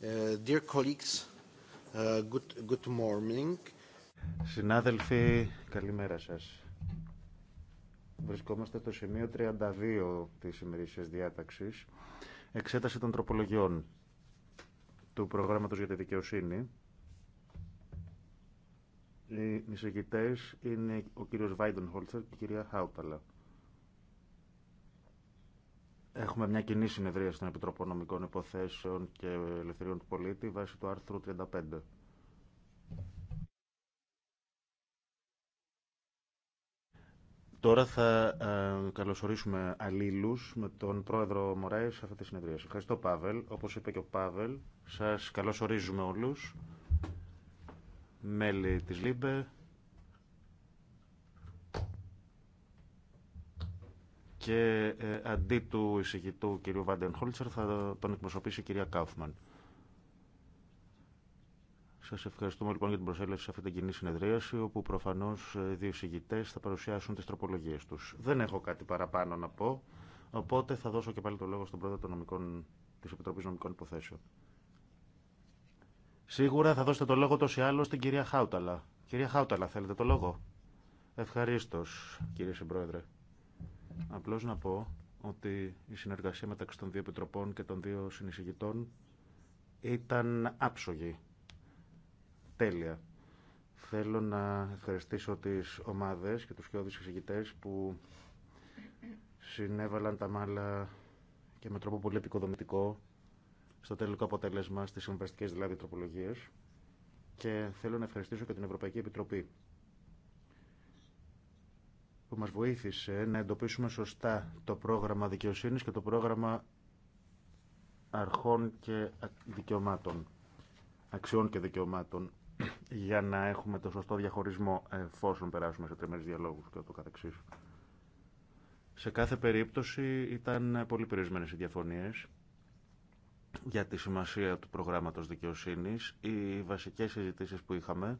Uh, uh, Συνάδελφοι, καλημέρα σας. Βρισκόμαστε στο σημείο 32 της ημερήσιας διάταξης, εξέταση των τροπολογιών του προγράμματος για τη δικαιοσύνη. Οι εισηγητές είναι ο κύριος Βάιντον Χόλτσερ και η κυρία Χάουταλα. Έχουμε μια κοινή συνεδρία στην Επιτροπή Υποθέσεων και Ελευθεριών του Πολίτη βάσει του άρθρου 35. Τώρα θα ε, καλωσορίσουμε αλλήλους με τον πρόεδρο Μωράη σε αυτή τη συνεδρία. Ευχαριστώ Πάβελ. Όπως είπε και ο Πάβελ, σας καλωσορίζουμε όλους, μέλη της ΛΥΜΠΕ, και ε, αντί του εισηγητού κ. Βάντεν Χόλτσερ θα τον εκπροσωπήσει η κυρία Κάουφμαν. Σα ευχαριστούμε λοιπόν για την προσέλευση σε αυτή την κοινή συνεδρίαση, όπου προφανώ ε, δύο εισηγητέ θα παρουσιάσουν τι τροπολογίε του. Δεν έχω κάτι παραπάνω να πω, οπότε θα δώσω και πάλι το λόγο στον πρόεδρο τη Επιτροπή Νομικών Υποθέσεων. Σίγουρα θα δώσετε το λόγο τόσο ή άλλο στην κυρία Χάουταλα. Κυρία Χάουταλα, θέλετε το λόγο. Ευχαρίστω, κύριε Συμπρόεδρε. Απλώς να πω ότι η συνεργασία μεταξύ των δύο επιτροπών και των δύο συνεισηγητών ήταν άψογη. Τέλεια. Θέλω να ευχαριστήσω τις ομάδες και τους πιο εισηγητές που συνέβαλαν τα μάλα και με τρόπο πολύ επικοδομητικό στο τελικό αποτέλεσμα στις συμβαστικές δηλαδή τροπολογίες και θέλω να ευχαριστήσω και την Ευρωπαϊκή Επιτροπή που μας βοήθησε να εντοπίσουμε σωστά το πρόγραμμα δικαιοσύνης και το πρόγραμμα αρχών και δικαιωμάτων, αξιών και δικαιωμάτων, για να έχουμε το σωστό διαχωρισμό εφόσον περάσουμε σε τριμμένες διαλόγους και το Σε κάθε περίπτωση ήταν πολύ περισμένες οι διαφωνίες για τη σημασία του προγράμματος δικαιοσύνης. Οι βασικές συζητήσεις που είχαμε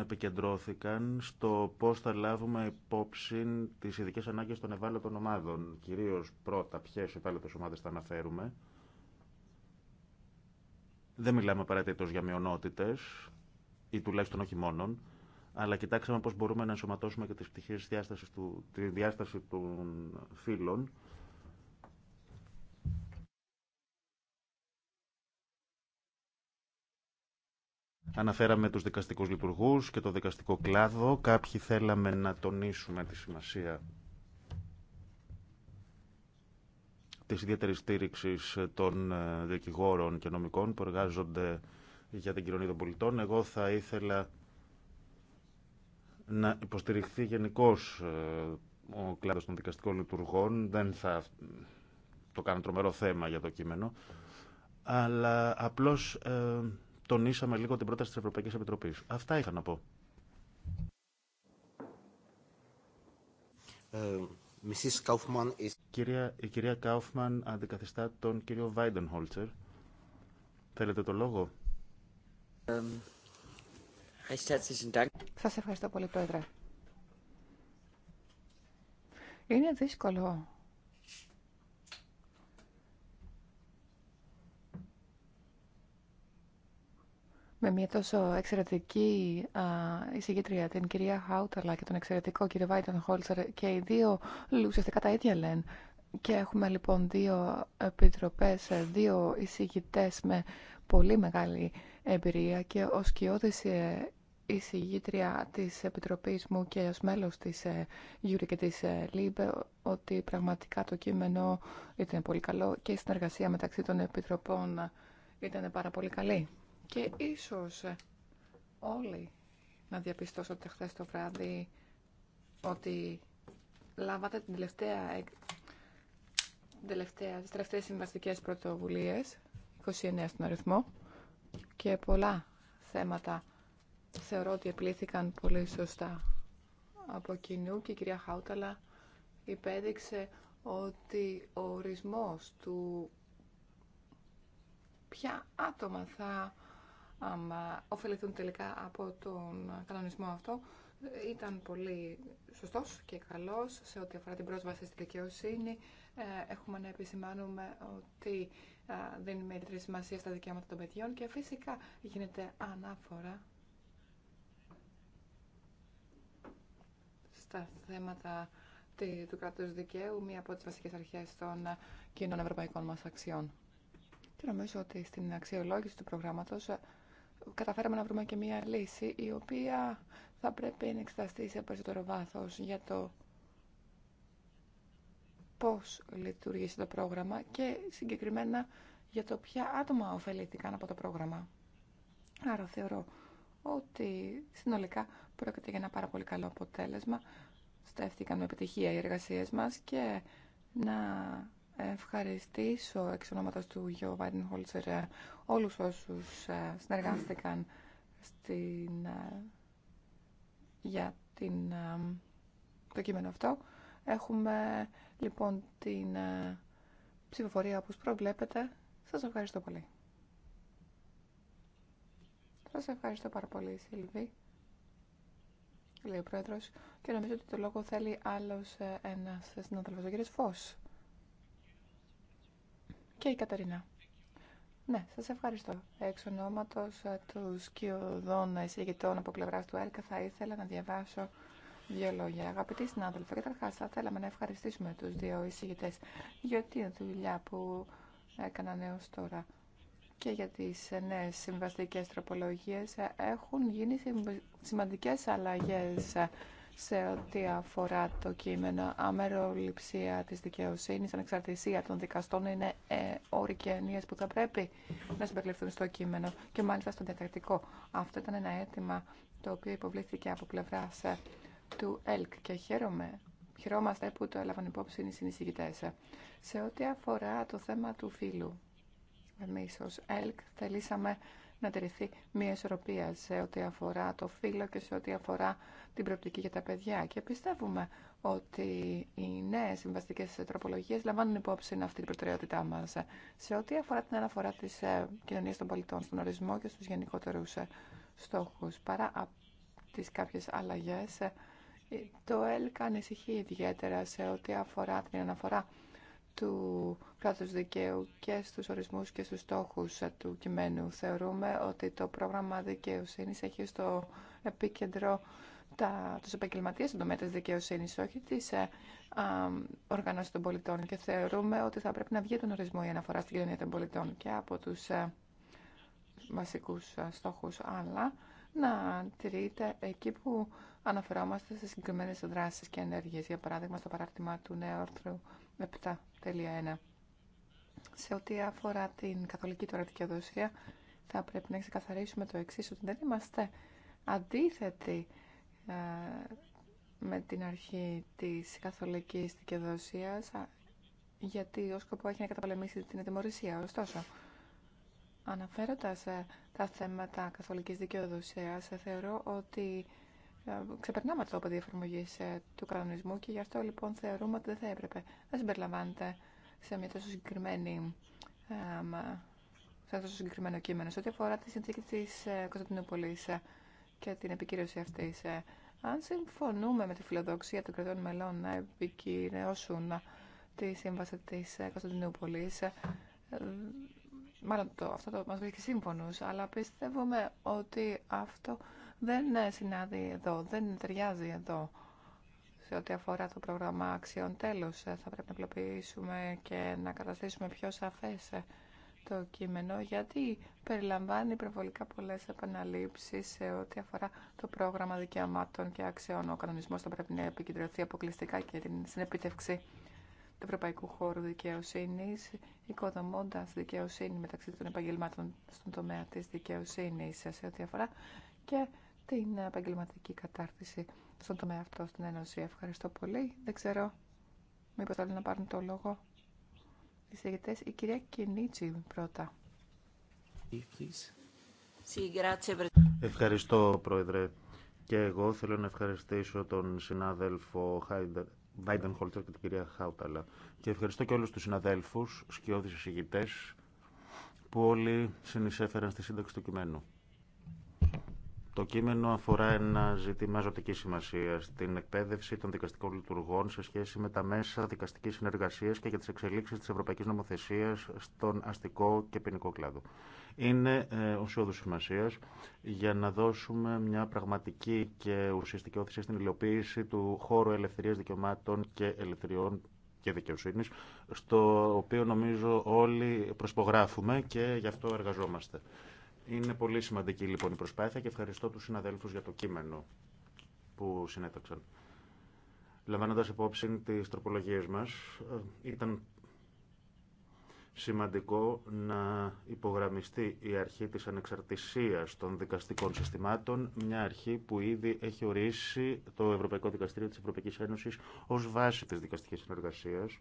επικεντρώθηκαν στο πώς θα λάβουμε υπόψη τις ειδικέ ανάγκες των ευάλωτων ομάδων. Κυρίως πρώτα ποιες ευάλωτες ομάδες θα αναφέρουμε. Δεν μιλάμε απαραίτητο για μειονότητε ή τουλάχιστον όχι μόνον, αλλά κοιτάξαμε πώς μπορούμε να ενσωματώσουμε και τις πτυχές του, τη διάσταση των φύλων Αναφέραμε τους δικαστικούς λειτουργούς και το δικαστικό κλάδο. Κάποιοι θέλαμε να τονίσουμε τη σημασία της ιδιαίτερη στήριξη των ε, δικηγόρων και νομικών που εργάζονται για την κοινωνία των πολιτών. Εγώ θα ήθελα να υποστηριχθεί γενικώ ε, ο κλάδος των δικαστικών λειτουργών. Δεν θα το κάνω τρομερό θέμα για το κείμενο. Αλλά απλώς ε, τονίσαμε λίγο την πρόταση της Ευρωπαϊκής Επιτροπής. Αυτά είχα να πω. Ε, κυρία, η κυρία Κάουφμαν αντικαθιστά τον κύριο Βάιντεν Χόλτσερ. Θέλετε το λόγο. Σα Σας ευχαριστώ πολύ, Πρόεδρε. Είναι δύσκολο με μια τόσο εξαιρετική α, εισηγήτρια, την κυρία Χάουταλα και τον εξαιρετικό κύριο Βάιντον Χόλτσερ και οι δύο ουσιαστικά τα ίδια λένε. Και έχουμε λοιπόν δύο επιτροπές, ε, δύο εισηγητές με πολύ μεγάλη εμπειρία και ως η ε, εισηγήτρια της Επιτροπής μου και ως μέλος της ε, Γιούρη και της ΛΥΜΠΕ ότι πραγματικά το κείμενο ήταν πολύ καλό και η συνεργασία μεταξύ των επιτροπών ήταν πάρα πολύ καλή. Και ίσως όλοι να διαπιστώσατε χθε το βράδυ ότι λάβατε την τελευταία, την τελευταία, τις τελευταίες συμβαστικές πρωτοβουλίες, 29 στον αριθμό, και πολλά θέματα θεωρώ ότι επλήθηκαν πολύ σωστά από κοινού και η κυρία Χάουταλα υπέδειξε ότι ο ορισμός του ποια άτομα θα άμα ωφεληθούν τελικά από τον κανονισμό αυτό. Ήταν πολύ σωστός και καλός σε ό,τι αφορά την πρόσβαση στη δικαιοσύνη. Ε, έχουμε να επισημάνουμε ότι δεν είναι ιδιαίτερη σημασία στα δικαιώματα των παιδιών και φυσικά γίνεται ανάφορα στα θέματα του κράτους δικαίου, μία από τις βασικές αρχές των κοινών ευρωπαϊκών μας αξιών. Και νομίζω ότι στην αξιολόγηση του προγράμματος καταφέραμε να βρούμε και μία λύση η οποία θα πρέπει να εξεταστεί σε περισσότερο βάθος για το πώς λειτουργήσε το πρόγραμμα και συγκεκριμένα για το ποια άτομα ωφελήθηκαν από το πρόγραμμα. Άρα θεωρώ ότι συνολικά πρόκειται για ένα πάρα πολύ καλό αποτέλεσμα. Στέφθηκαν με επιτυχία οι εργασίες μας και να ευχαριστήσω εξ ονόματος του Γιώργου Βάιντεν Χόλτσερ ε, όλους όσους ε, συνεργάστηκαν στην, ε, για την, το κείμενο αυτό. Έχουμε λοιπόν την ψηφοφορία όπως προβλέπετε. Σας ευχαριστώ πολύ. Σας ευχαριστώ πάρα πολύ Σιλβί, λέει ο Πρόεδρος. Και νομίζω ότι το λόγο θέλει άλλος ένας συνάδελφος, ο κύριος Φως και η Καταρίνα. Ναι, σας ευχαριστώ. Εξ ονόματο ε, του σκιωδών εισηγητών από πλευρά του ΕΡΚΑ θα ήθελα να διαβάσω δύο λόγια. Αγαπητοί συνάδελφοι, καταρχά θα θέλαμε να ευχαριστήσουμε τους δύο εισηγητέ για τη δουλειά που έκαναν έω τώρα και για τι νέε συμβαστικέ τροπολογίε έχουν γίνει σημαντικέ αλλαγέ σε ό,τι αφορά το κείμενο. Αμεροληψία της δικαιοσύνης, ανεξαρτησία των δικαστών είναι ε, όροι και ενίες που θα πρέπει να συμπεριληφθούν στο κείμενο και μάλιστα στον διατακτικό. Αυτό ήταν ένα αίτημα το οποίο υποβλήθηκε από πλευρά ε, του ΕΛΚ και χαίρομαι χαιρόμαστε που το έλαβαν υπόψη οι συνεισηγητές. Σε ό,τι αφορά το θέμα του φίλου, εμείς ως ΕΛΚ θελήσαμε να τηρηθεί μια ισορροπία σε ό,τι αφορά το φύλλο και σε ό,τι αφορά την προοπτική για τα παιδιά. Και πιστεύουμε ότι οι νέε συμβαστικέ τροπολογίε λαμβάνουν υπόψη αυτή την προτεραιότητά μα σε ό,τι αφορά την αναφορά τη ε, κοινωνία των πολιτών, στον ορισμό και στου γενικότερου ε, στόχου. Παρά τι κάποιε αλλαγέ, ε, το ΕΛΚΑ ανησυχεί ιδιαίτερα σε ό,τι αφορά την αναφορά του κράτους δικαίου και στους ορισμούς και στους στόχους ε, του κειμένου. Θεωρούμε ότι το πρόγραμμα δικαιοσύνης έχει στο επίκεντρο τα, τους επαγγελματίες στον τομέα της δικαιοσύνης, όχι τι ε, των πολιτών και θεωρούμε ότι θα πρέπει να βγει τον ορισμό η αναφορά στην κοινωνία των πολιτών και από τους ε, βασικούς ε, στόχους, αλλά να τηρείται εκεί που αναφερόμαστε σε συγκεκριμένε δράσει και ενέργειε, για παράδειγμα στο παράρτημα του νέου άρθρου 7.1. Σε ό,τι αφορά την καθολική τώρα δικαιοδοσία, θα πρέπει να ξεκαθαρίσουμε το εξή, ότι δεν είμαστε αντίθετοι ε, με την αρχή της καθολικής δικαιοδοσίας, γιατί ο σκοπό έχει να καταπολεμήσει την ετοιμορρησία. Ωστόσο, Αναφέροντας τα θέματα καθολικής δικαιοδοσίας, θεωρώ ότι ε, ξεπερνάμε το πεδίο εφαρμογή ε, του κανονισμού και γι' αυτό λοιπόν θεωρούμε ότι δεν θα έπρεπε να συμπεριλαμβάνεται σε μια τόσο συγκεκριμένη σε ένα τόσο συγκεκριμένο κείμενο. Σε ό,τι αφορά τη συνθήκη τη ε, Κωνσταντινούπολη και την επικύρωση αυτή, αν συμφωνούμε με τη φιλοδοξία των κρατών μελών να επικυρώσουν τη σύμβαση τη Κωνσταντινούπολη, Μάλλον το, αυτό το μας βρίσκει σύμφωνος, αλλά πιστεύουμε ότι αυτό δεν συνάδει εδώ, δεν ταιριάζει εδώ σε ό,τι αφορά το πρόγραμμα αξιών. Τέλος, ε, θα πρέπει να απλοποιήσουμε και να καταστήσουμε πιο σαφές ε, το κείμενο, γιατί περιλαμβάνει υπερβολικά πολλές επαναλήψεις σε ό,τι αφορά το πρόγραμμα δικαιωμάτων και αξιών. Ο κανονισμός θα πρέπει να επικεντρωθεί αποκλειστικά και στην επίτευξη Ευρωπαϊκού Χώρου Δικαιοσύνη, οικοδομώντα δικαιοσύνη μεταξύ των επαγγελμάτων στον τομέα τη δικαιοσύνη σε ό,τι αφορά και την επαγγελματική κατάρτιση στον τομέα αυτό στην Ένωση. Ευχαριστώ πολύ. Δεν ξέρω μήπω θέλουν να πάρουν το λόγο οι συγγετές. Η κυρία Κινίτσι πρώτα. Ευχαριστώ, Πρόεδρε. Και εγώ θέλω να ευχαριστήσω τον συνάδελφο Χάιντερ Βάιντεν Χολτσέρ και την κυρία Χάουταλα. Και ευχαριστώ και όλους τους συναδέλφους, σκιώδεις εισηγητέ, που όλοι συνεισέφεραν στη σύνταξη του κειμένου. Το κείμενο αφορά ένα ζήτημα ζωτική σημασία, την εκπαίδευση των δικαστικών λειτουργών σε σχέση με τα μέσα δικαστική συνεργασία και για τι εξελίξει τη ευρωπαϊκή νομοθεσία στον αστικό και ποινικό κλάδο. Είναι ε, ουσιώδου σημασία για να δώσουμε μια πραγματική και ουσιαστική όθηση στην υλοποίηση του χώρου ελευθερία δικαιωμάτων και ελευθεριών και δικαιοσύνη, στο οποίο νομίζω όλοι προσπογράφουμε και γι' αυτό εργαζόμαστε. Είναι πολύ σημαντική λοιπόν η προσπάθεια και ευχαριστώ τους συναδέλφους για το κείμενο που συνέταξαν. Λαμβάνοντας υπόψη τις τροπολογίες μας, ε, ήταν σημαντικό να υπογραμμιστεί η αρχή της ανεξαρτησίας των δικαστικών συστημάτων, μια αρχή που ήδη έχει ορίσει το Ευρωπαϊκό Δικαστήριο της Ευρωπαϊκής Ένωσης ως βάση της δικαστικής συνεργασίας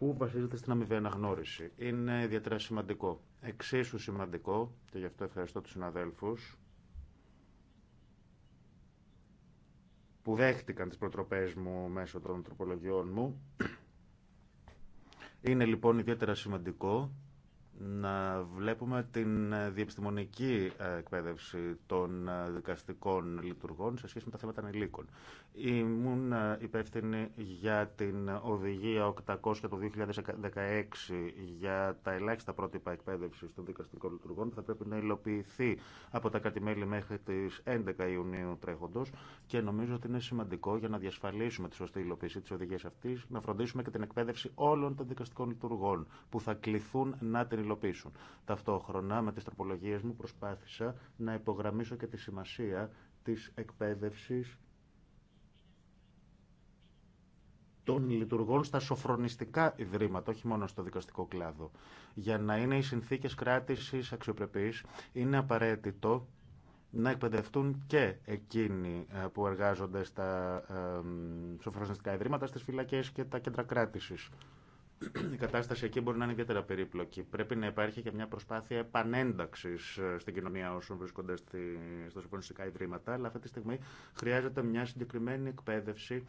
που βασίζεται στην αμοιβή αναγνώριση. Είναι ιδιαίτερα σημαντικό. Εξίσου σημαντικό, και γι' αυτό ευχαριστώ τους συναδέλφους, που δέχτηκαν τις προτροπές μου μέσω των τροπολογιών μου. Είναι λοιπόν ιδιαίτερα σημαντικό να βλέπουμε την ε, διεπιστημονική ε, εκπαίδευση των ε, δικαστικών λειτουργών σε σχέση με τα θέματα ανηλίκων. Ήμουν υπεύθυνη για την οδηγία 800 το 2016 για τα ελάχιστα πρότυπα εκπαίδευση των δικαστικών λειτουργών που θα πρέπει να υλοποιηθεί από τα κατημέλη μέχρι τι 11 Ιουνίου τρέχοντο και νομίζω ότι είναι σημαντικό για να διασφαλίσουμε τη σωστή υλοποίηση τη οδηγία αυτή να φροντίσουμε και την εκπαίδευση όλων των δικαστικών λειτουργών που θα κληθούν να την Ταυτόχρονα με τις τροπολογίες μου προσπάθησα να υπογραμμίσω και τη σημασία της εκπαίδευσης των λειτουργών στα σοφρονιστικά ιδρύματα, όχι μόνο στο δικαστικό κλάδο. Για να είναι οι συνθήκες κράτησης αξιοπρεπείς, είναι απαραίτητο να εκπαιδευτούν και εκείνοι ε, που εργάζονται στα ε, σοφρονιστικά ιδρύματα, στις φυλακές και τα κέντρα κράτησης η κατάσταση εκεί μπορεί να είναι ιδιαίτερα περίπλοκη. Πρέπει να υπάρχει και μια προσπάθεια επανένταξη ε, στην κοινωνία όσων βρίσκονται στη, στα συμφωνιστικά ιδρύματα, αλλά αυτή τη στιγμή χρειάζεται μια συγκεκριμένη εκπαίδευση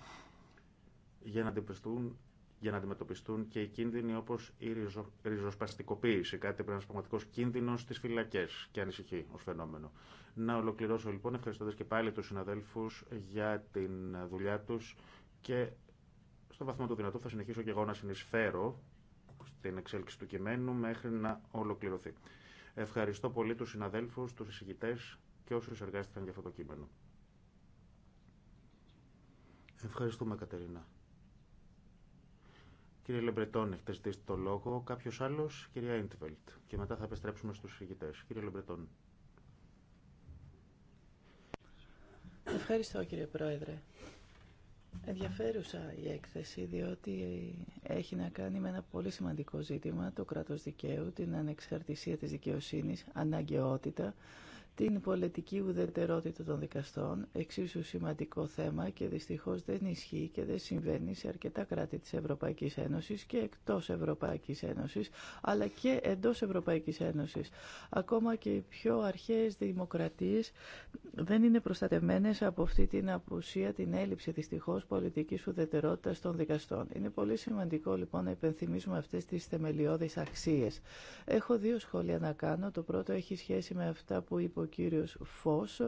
για να αντιμετωπιστούν για να αντιμετωπιστούν και οι κίνδυνοι όπω η ριζο, ριζοσπαστικοποίηση, κάτι που είναι ένα πραγματικό κίνδυνο στι φυλακέ και ανησυχεί ω φαινόμενο. Να ολοκληρώσω λοιπόν ευχαριστώντα και πάλι του συναδέλφου για την δουλειά του και στο βαθμό του δυνατού θα συνεχίσω και εγώ να συνεισφέρω στην εξέλιξη του κειμένου μέχρι να ολοκληρωθεί. Ευχαριστώ πολύ τους συναδέλφους, τους εισηγητές και όσους εργάστηκαν για αυτό το κείμενο. Ευχαριστούμε Κατερίνα. Κύριε Λεμπρετών, έχετε ζητήσει το λόγο. Κάποιος άλλος, κυρία Ιντβελτ. Και μετά θα επιστρέψουμε στους εισηγητές. Κύριε Λεμπρετών. Ευχαριστώ κύριε Πρόεδρε. Ενδιαφέρουσα η έκθεση διότι έχει να κάνει με ένα πολύ σημαντικό ζήτημα, το κράτος δικαίου, την ανεξαρτησία της δικαιοσύνης, αναγκαιότητα την πολιτική ουδετερότητα των δικαστών, εξίσου σημαντικό θέμα και δυστυχώς δεν ισχύει και δεν συμβαίνει σε αρκετά κράτη της Ευρωπαϊκής Ένωσης και εκτός Ευρωπαϊκής Ένωσης, αλλά και εντός Ευρωπαϊκής Ένωσης. Ακόμα και οι πιο αρχαίες δημοκρατίες δεν είναι προστατευμένες από αυτή την απουσία, την έλλειψη δυστυχώς πολιτικής ουδετερότητας των δικαστών. Είναι πολύ σημαντικό λοιπόν να υπενθυμίσουμε αυτές τις θεμελιώδεις αξίες. Έχω δύο σχόλια να κάνω. Το πρώτο έχει σχέση με αυτά που είπε ο κύριος Φως,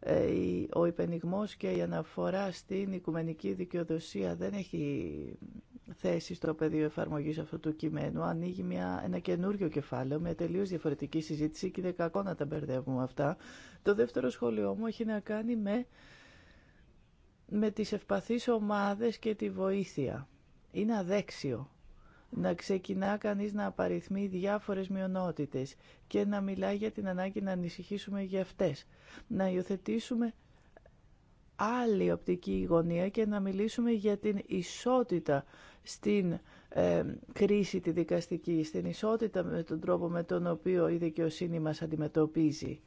ε, ο υπενιγμός και η αναφορά στην οικουμενική δικαιοδοσία δεν έχει θέση στο πεδίο εφαρμογής αυτού του κειμένου. Ανοίγει μια, ένα καινούριο κεφάλαιο με τελείως διαφορετική συζήτηση και είναι κακό να τα μπερδεύουμε αυτά. Το δεύτερο σχόλιο μου έχει να κάνει με, με τις ευπαθείς ομάδες και τη βοήθεια. Είναι αδέξιο να ξεκινά κανείς να απαριθμεί διάφορες μειονότητες και να μιλά για την ανάγκη να ανησυχήσουμε για αυτές. Να υιοθετήσουμε άλλη οπτική γωνία και να μιλήσουμε για την ισότητα στην ε, κρίση τη δικαστική, στην ισότητα με τον τρόπο με τον οποίο η δικαιοσύνη μας αντιμετωπίζει.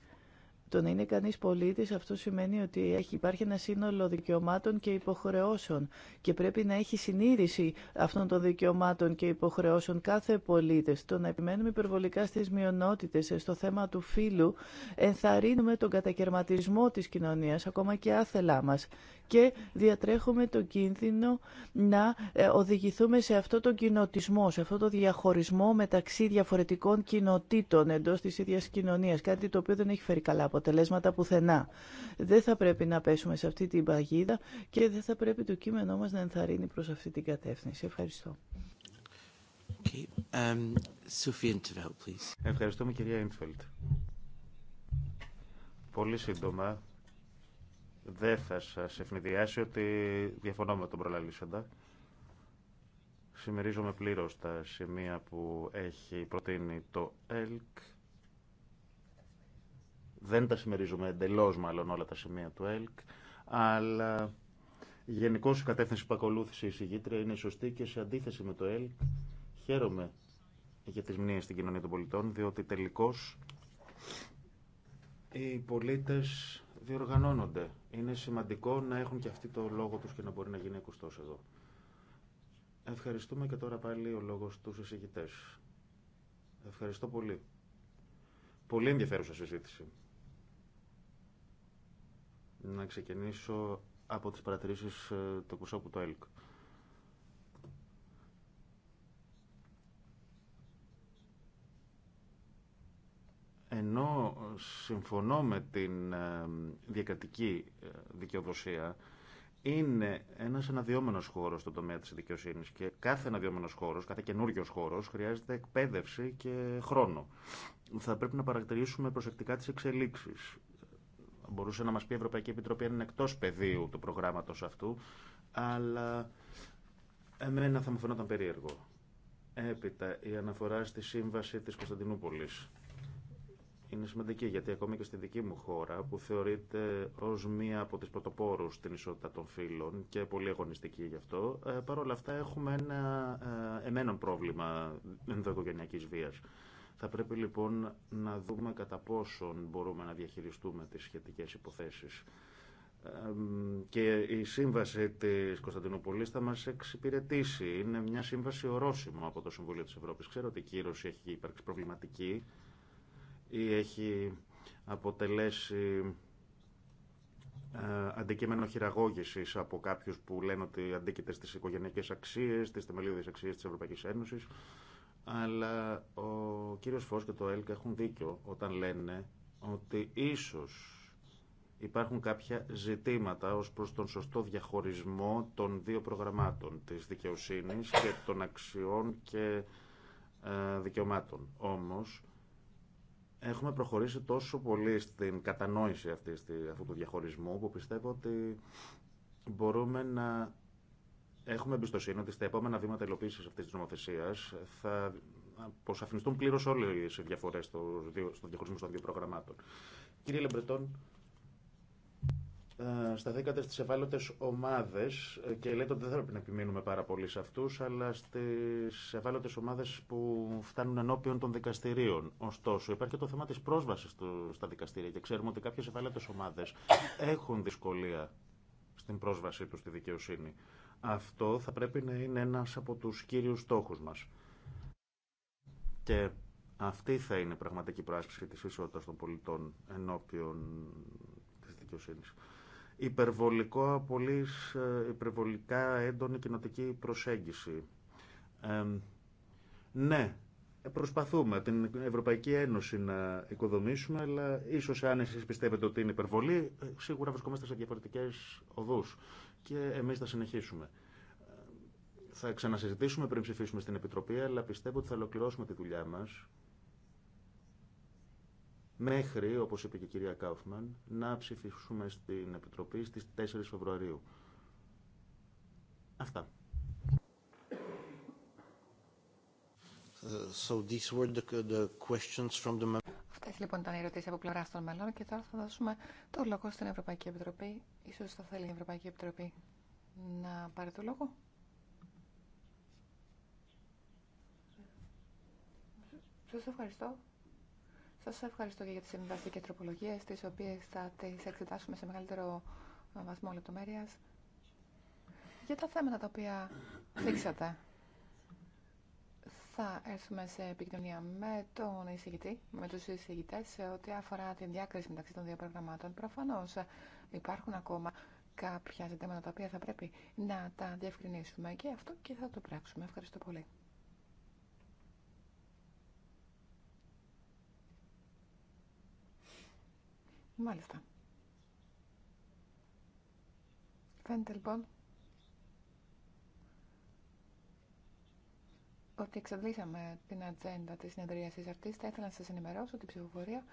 Το να είναι κανείς πολίτης αυτό σημαίνει ότι έχει, υπάρχει ένα σύνολο δικαιωμάτων και υποχρεώσεων και πρέπει να έχει συνείδηση αυτών των δικαιωμάτων και υποχρεώσεων κάθε πολίτης. Το να επιμένουμε υπερβολικά στις μειονότητες, στο θέμα του φύλου, ενθαρρύνουμε τον κατακαιρματισμό της κοινωνίας, ακόμα και άθελά μας και διατρέχουμε τον κίνδυνο να ε, οδηγηθούμε σε αυτό τον κοινοτισμό, σε αυτό το διαχωρισμό μεταξύ διαφορετικών κοινοτήτων εντός της ίδιας κοινωνίας, κάτι το οποίο δεν έχει φέρει καλά αποτελέσματα πουθενά. Δεν θα πρέπει να πέσουμε σε αυτή την παγίδα και δεν θα πρέπει το κείμενό μας να ενθαρρύνει προς αυτή την κατεύθυνση. Ευχαριστώ. Okay. Um, Sophie please. Ευχαριστούμε κυρία Ίντφελτ. Πολύ σύντομα, δεν θα σας ευνηδιάσει ότι διαφωνώ με τον προλαλήσαντα. Συμμερίζομαι πλήρως τα σημεία που έχει προτείνει το ΕΛΚ δεν τα συμμερίζουμε εντελώ μάλλον όλα τα σημεία του ΕΛΚ, αλλά γενικώ η κατεύθυνση που ακολούθησε η συγγήτρια είναι σωστή και σε αντίθεση με το ΕΛΚ χαίρομαι για τις μνήες στην κοινωνία των πολιτών, διότι τελικώς οι πολίτες διοργανώνονται. Είναι σημαντικό να έχουν και αυτοί το λόγο τους και να μπορεί να γίνει ακουστός εδώ. Ευχαριστούμε και τώρα πάλι ο λόγος τους εισηγητές. Ευχαριστώ πολύ. Πολύ ενδιαφέρουσα συζήτηση να ξεκινήσω από τις παρατηρήσεις ε, του προσώπου του ΕΛΚ. Ενώ συμφωνώ με την ε, διακρατική ε, δικαιοδοσία, είναι ένας αναδιόμενος χώρος στον τομέα της δικαιοσύνη και κάθε αναδιόμενος χώρος, κάθε κενούργιος χώρος, χρειάζεται εκπαίδευση και χρόνο. Θα πρέπει να παρατηρήσουμε προσεκτικά τις εξελίξεις Μπορούσε να μας πει η Ευρωπαϊκή Επιτροπή αν είναι εκτός πεδίου του προγράμματος αυτού, αλλά εμένα θα μου φαινόταν περίεργο. Έπειτα, η αναφορά στη σύμβαση της Κωνσταντινούπολης είναι σημαντική γιατί ακόμη και στη δική μου χώρα που θεωρείται ως μία από τις πρωτοπόρους στην ισότητα των φύλων και πολύ αγωνιστική γι' αυτό, ε, παρόλα αυτά έχουμε ένα ε, εμένον πρόβλημα ενδοοικογενειακής βίας. Θα πρέπει λοιπόν να δούμε κατά πόσον μπορούμε να διαχειριστούμε τις σχετικές υποθέσεις. Και η σύμβαση της Κωνσταντινούπολης θα μας εξυπηρετήσει. Είναι μια σύμβαση ορόσημο από το Συμβούλιο της Ευρώπης. Ξέρω ότι η κύρωση έχει υπάρξει προβληματική ή έχει αποτελέσει ε, αντικείμενο χειραγώγησης από κάποιους που λένε ότι αντίκειται στις οικογενειακές αξίες, στις θεμελίωδες αξίες της Ευρωπαϊκής Ένωσης. Αλλά ο κύριος Φως και το ΕΛΚ έχουν δίκιο όταν λένε ότι ίσως υπάρχουν κάποια ζητήματα ως προς τον σωστό διαχωρισμό των δύο προγραμμάτων, της δικαιοσύνης και των αξιών και ε, δικαιωμάτων. Όμως, έχουμε προχωρήσει τόσο πολύ στην κατανόηση αυτής, αυτού του διαχωρισμού που πιστεύω ότι μπορούμε να Έχουμε εμπιστοσύνη ότι στα επόμενα βήματα υλοποίηση αυτή τη νομοθεσία θα αποσαφινιστούν πλήρω όλε οι διαφορέ στο, διαχωρισμό των δύο προγραμμάτων. Κύριε Λεμπρετών, ε, σταθήκατε στι ευάλωτε ομάδε και λέτε ότι δεν θα πρέπει να επιμείνουμε πάρα πολύ σε αυτού, αλλά στι ευάλωτε ομάδε που φτάνουν ενώπιον των δικαστηρίων. Ωστόσο, υπάρχει και το θέμα τη πρόσβαση στα δικαστήρια και ξέρουμε ότι κάποιε ευάλωτε ομάδε έχουν δυσκολία στην πρόσβασή του στη δικαιοσύνη. Αυτό θα πρέπει να είναι ένας από τους κύριους στόχους μας. Και αυτή θα είναι η πραγματική πράσπιση της ισότητας των πολιτών ενώπιον της δικαιοσύνης. Υπερβολικό, πολύ ε, υπερβολικά έντονη κοινοτική προσέγγιση. ναι, ε, προσπαθούμε την Ευρωπαϊκή Ένωση να οικοδομήσουμε, αλλά ίσως αν εσείς πιστεύετε ότι είναι υπερβολή, ε, σίγουρα βρισκόμαστε σε διαφορετικές οδούς και εμείς θα συνεχίσουμε. Θα ξανασυζητήσουμε πριν ψηφίσουμε στην Επιτροπή, αλλά πιστεύω ότι θα ολοκληρώσουμε τη δουλειά μας μέχρι, όπως είπε και η κυρία Κάουφμαν, να ψηφίσουμε στην Επιτροπή στις 4 Φεβρουαρίου. Αυτά. Uh, so these were the, the questions from the... Αυτές λοιπόν ήταν οι ερωτήσει από πλευρά των μελών και τώρα θα δώσουμε το λόγο στην Ευρωπαϊκή Επιτροπή. Ίσως θα θέλει η Ευρωπαϊκή Επιτροπή να πάρει το λόγο. Σας ευχαριστώ. Σας ευχαριστώ και για τις συμβάσεις και τροπολογίες, τις οποίες θα τις εξετάσουμε σε μεγαλύτερο βαθμό λεπτομέρειας. Για τα θέματα τα οποία δείξατε θα έρθουμε σε επικοινωνία με τον εισηγητή, με τους εισηγητές σε ό,τι αφορά τη διάκριση μεταξύ των δύο προγραμμάτων. Προφανώς ε, υπάρχουν ακόμα κάποια ζητήματα τα οποία θα πρέπει να τα διευκρινίσουμε και αυτό και θα το πράξουμε. Ευχαριστώ πολύ. Μάλιστα. Φαίνεται λοιπόν ότι εξαντλήσαμε την ατζέντα της συνεδρίασης αυτής. Θα ήθελα να σας ενημερώσω ότι η ψηφοφορία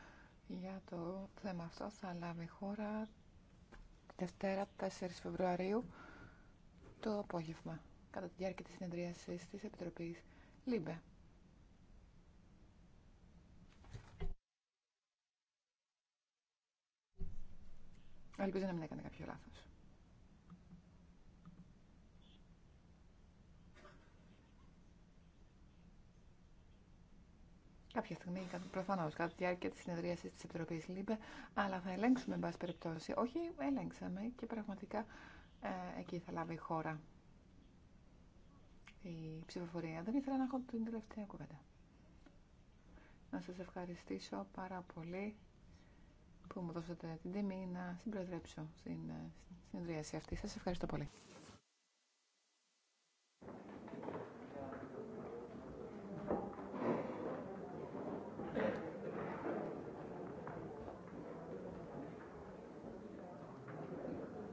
για το θέμα αυτό θα λάβει χώρα Δευτέρα 4 Φεβρουαρίου το απόγευμα κατά τη διάρκεια της συνεδρίασης της Επιτροπής ΛΥΜΠΕ. Ελπίζω να μην έκανε κάποιο λάθος. κάποια στιγμή, προφανώ, κατά τη διάρκεια τη συνεδρίαση τη Επιτροπή ΛΥΜΠΕ, αλλά θα ελέγξουμε, εν πάση περιπτώσει. Όχι, ελέγξαμε και πραγματικά ε, εκεί θα λάβει η χώρα η ψηφοφορία. Δεν ήθελα να έχω την τελευταία κουβέντα. Να σας ευχαριστήσω πάρα πολύ που μου δώσατε την τιμή να συμπροεδρέψω στην ε, συνεδρίαση αυτή. Σας ευχαριστώ πολύ.